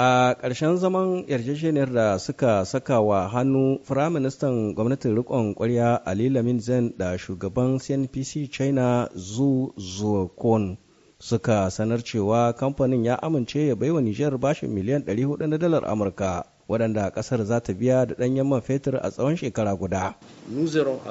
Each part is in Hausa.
a ƙarshen zaman yarjejeniyar da suka saka wa hannu firaministan gwamnatin rikon kwarya ali lamin zen da shugaban cnpc china zu zuokon suka sanar cewa kamfanin ya amince ya baiwa nijar bashin miliyan 400 na dalar amurka waɗanda ƙasar za ta biya da ɗanyen man fetur a tsawon shekara guda. Nous aurons des nous aurons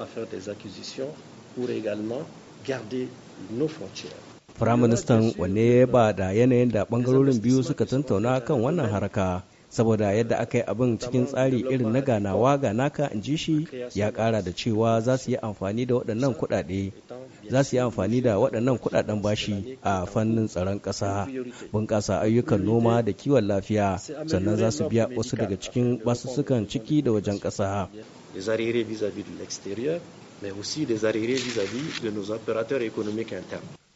à des acquisitions pour également garder nos frontières. Firaministan wanne ba da yanayin da bangarorin biyu suka tantauna kan wannan haraka saboda yadda aka yi abin cikin tsari irin na ganawa ga naka in ji shi ya kara da cewa za su yi amfani da waɗannan kuɗaɗe za su yi amfani da waɗannan kuɗaɗen bashi a fannin tsaron ƙasa bunƙasa ayyukan noma da kiwon lafiya sannan za su biya wasu daga cikin basussukan ciki da wajen ƙasa mais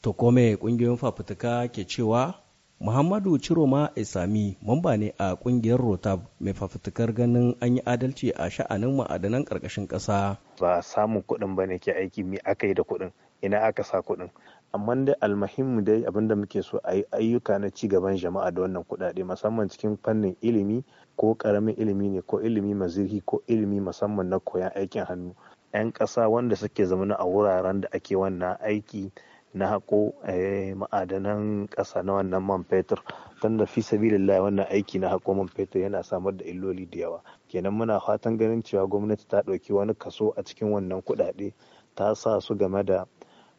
To kome kungiyoyin fafutuka ke cewa Muhammadu Ciroma Isami mamba ne a kungiyar Rotab mai fafutukar ganin an yi adalci a sha'anin ma'adanan karkashin ƙasa. Ba samun kuɗin ba ne ke aiki mai aka yi da kuɗin ina aka sa kuɗin. amma dai almahimmu dai abinda muke so a yi ayyuka na ci gaban jama'a da wannan kuɗaɗe musamman cikin fannin ilimi ko ƙaramin ilimi ne ko ilimi mazirhi ko ilimi musamman na koyan aikin hannu 'yan ƙasa wanda suke zamana a wuraren da ake wannan aiki na haƙo eh, ma'adanan ƙasa na wannan man fetur da fi sabilillah wannan aiki na haƙo man fetur yana samar da illoli da yawa kenan muna fatan ganin cewa gwamnati ta ɗauki wani kaso a cikin wannan kuɗaɗe ta sa su game da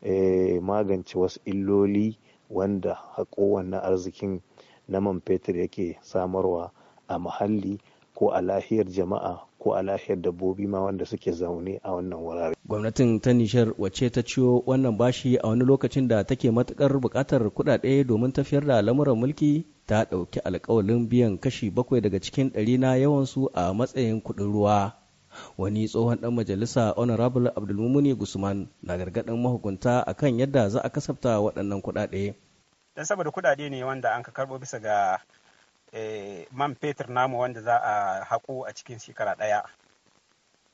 eh, magance wasu illoli wanda haƙo wannan arzikin na man fetur yake samarwa a muhalli ko a lahiyar jama'a ko a lahiyar dabbobi ma wanda suke zaune a wannan wurare gwamnatin ta nishar wacce ta ciyo wannan bashi a wani lokacin da take matukar bukatar kuɗaɗe domin tafiyar da lamuran mulki ta ɗauki alkawalin biyan kashi bakwai daga cikin ɗari na yawansu a matsayin kuɗin ruwa wani tsohon ɗan majalisa honorable abdulmumuni gusman na gargaɗin mahukunta akan yadda za a kasafta waɗannan kuɗaɗe dan saboda kuɗaɗe ne wanda an ka karɓo bisa ga eh, man fetur namu wanda za a haƙo a cikin shekara ɗaya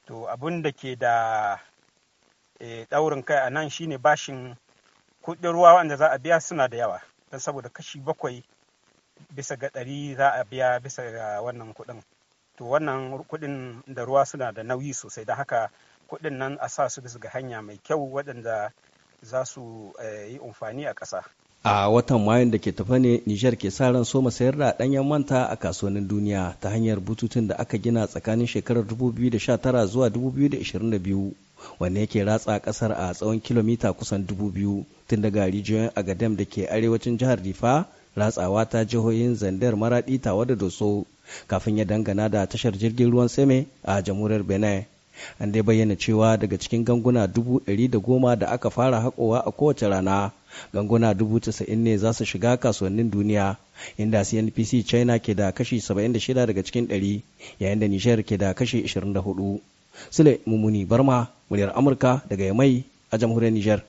to abun da ke da ɗaurin eh, kai a nan shine bashin kuɗin ruwa wanda za a biya suna da yawa don saboda kashi bakwai bisa ga ɗari za a biya bisa ga wannan kuɗin to wannan kuɗin da ruwa suna da nauyi sosai don haka kuɗin nan a sa su bisa ga hanya mai kyau waɗanda za su eh, yi amfani a ƙasa a watan mayun da ke tafa ne nijar ke sa ran soma sayar da ɗanyen manta a kasuwannin duniya ta hanyar bututun da aka gina tsakanin shekarar 2019 zuwa 2022 wanne yake ratsa kasar a tsawon kilomita kusan dubu biyu tun daga rijiyoyin agadem da ke arewacin jihar rifa ratsawa ta jihohin zandar maraɗi tawa da doso kafin ya dangana da tashar jirgin ruwan seme a jamhuriyar benin an dai bayyana cewa daga cikin ganguna dubu ɗari da goma da aka fara haƙowa a kowace rana ganguna dubu casa'in ne za su shiga kasuwannin duniya inda cnpc china ke da kashi 76 daga cikin ɗari yayin da nishiyar ke da kashi 24 Sule Mumuni Barma, muryar Amurka daga Yamai a jamhuriyar niger